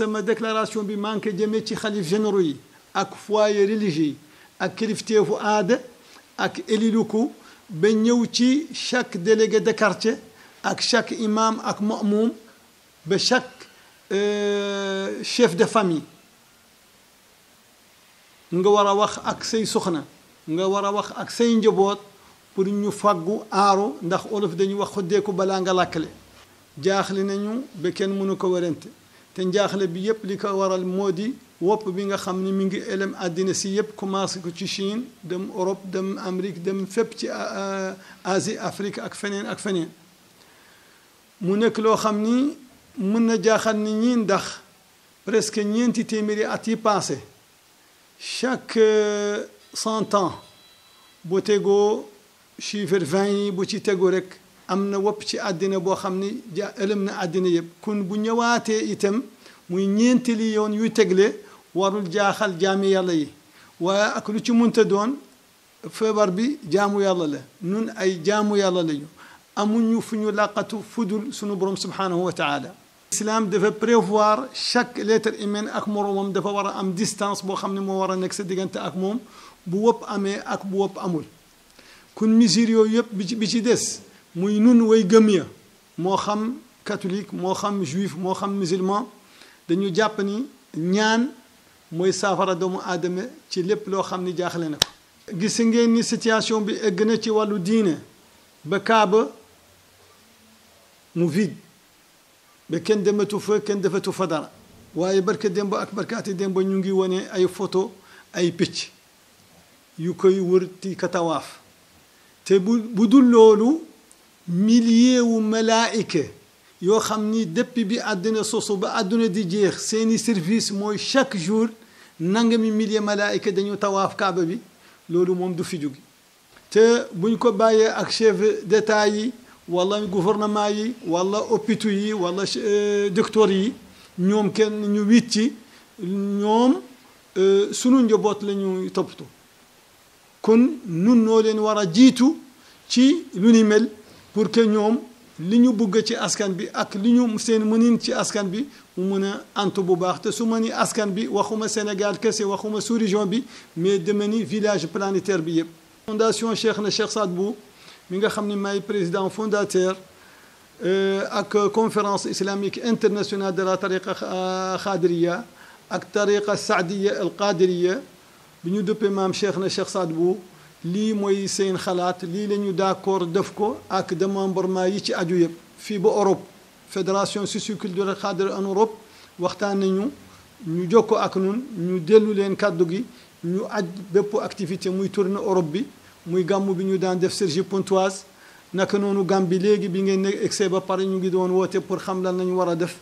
سما ديكلاراسيون بمانك جميتي خليف جنروي اك فواي ريليجي اك كريفتيفو اد اك اليلوكو بنيوتي شاك ديليغي دي كارتيه اك شاك امام اك مأموم بشاك اه شيف دو فامي nga war a wax ak say soxna nga war a wax ak say njaboot pour ñu faggu aaru ndax olof dañuy wax xoddeeku balaa nga làkkale jaaxle nañu ba kenn mënu ko werante te njaaxle bi yépp li ko waral moo di wopp bi nga xam ni mi ngi elem àddina si yépp commencé ko ci Chine dem Europe dem Amérique dem fépp ci euh, euh, Asie Afrique ak feneen ak feneen mu nekk loo xam ni mën na jaaxal ni ñiin ndax presque ñeenti téeméeri at yi passé chaque euh, cent ans boo tegoo chiffre vingt yi bu ci tegu rek am na wopp ci àddina boo xam ni ja ëlëm na àddina yëpp kon bu ñëwaatee itam muy ñeentali yoon yuy tegle warul jaaxal jaami yàlla yi waaye ak lu ci munta doon feebar bi jaamu yàlla la nun ay jaamu yàlla lañu amuñu fu ñu làqatu fudul sunu borom subhanahu wa taala islam dafa prévoir chaque lettre humaine ak moromam dafa war a am distance boo xam ne moo war a nekk sa diggante ak moom bu wopp amee ak bu wopp amul kon mesure yooyu yëpp bi ci bi ci des muy nun way gëm ya moo xam catholique moo xam juif moo xam musulman dañu jàpp ni ñaan mooy saafara doomu aadama ci lépp loo xam ni jaaxle na ko gis ngeen ni situation bi egg na ci wàllu diine ba kaaba mu vide ba kenn dematu fa kenn defatu fa dara waaye barke démb ak barkaati démb ñu ngi wone ay photo ay picc yu koy wër ti katawaaf te bu bu dul loolu milliers wu malaayika yoo xam ni depuis bi àdduna sosu ba àdduna di jeex seeni service mooy chaque jour nangami milliers malaayika dañoo tawaaf kaaba bi loolu moom du fi te buñ ko bàyyee ak chef d'état yi wala gouvernement yi walla hôpitaux yi wala euh, docteurs yi ñoom kenn ñu wit ci ñoom euh, sunu njaboot la ñuy toppatoo kon nun noo leen war a jiitu ci lu ni mel pour que ñoom li ñu bëgg ci askan bi ak li ñu seen mënin ci askan bi mu mën a antu bu baax te su ma ni askan bi waxuma Sénégal kese waxuma sous région bi mais deme ni village planétaire bi yëpp. fondation Cheikh na Cheikh Saad Bou mi nga xam ni maay président fondateur ak conférence islamique internationale de la tariqa xaadiriya ak tariqa saadiya al qaadiriya bi ñu dëppee maam Cheikh na Cheikh Saad Bou lii mooy seen xalaat lii la ñu d'accord def ko ak démembrement yi ci aju yëpp fii ba Europe fédération socioculturelle cadre en Europe waxtaan nañu ñu jokkoo ak ñun ñu dellu leen kàddu gi ñu aj bépp activité muy tournée Europe bi muy gàmmu bi ñu daan def Cergy-Pontoise naka noonu gàmm bi léegi bi ngeen nekk excès ba pare ñu ngi doon woote pour xam lan lañu war a def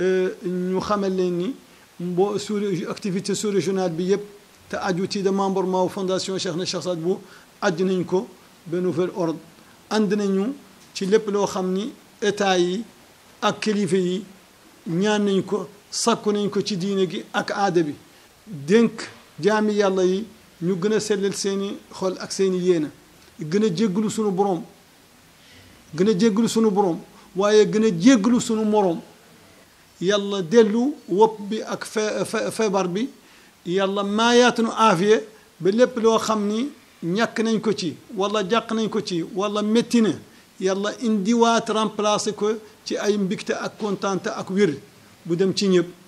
euh, ñu xamal leen ni mbo sous activité sous régionale bi yëpp te aju ci démembrement fondation Cheikh na Cheikh Saad bu aju nañ ko ba nouvel ordre ànd nañu ci lépp loo xam ni état yi ak kilifa yi ñaan nañ ko sakku nañ ko ci diine gi ak aada bi dénk jaami yàlla yi ñu gën a sellal seeni xol ak seeni yéena gën a jéggalu sunu brom gën a jéggalu sunu boroom waaye gën a jéggalu sunu moroom yàlla dellu wopp bi ak feebar bi يلا ما ياتنو آفية بلب لو خمني نيكن كوتشي والله جاقن كوتشي والله متين يلا انديوات رامبلاسكو تي اي مبكت اكونتانت اكبر بودم تشينيب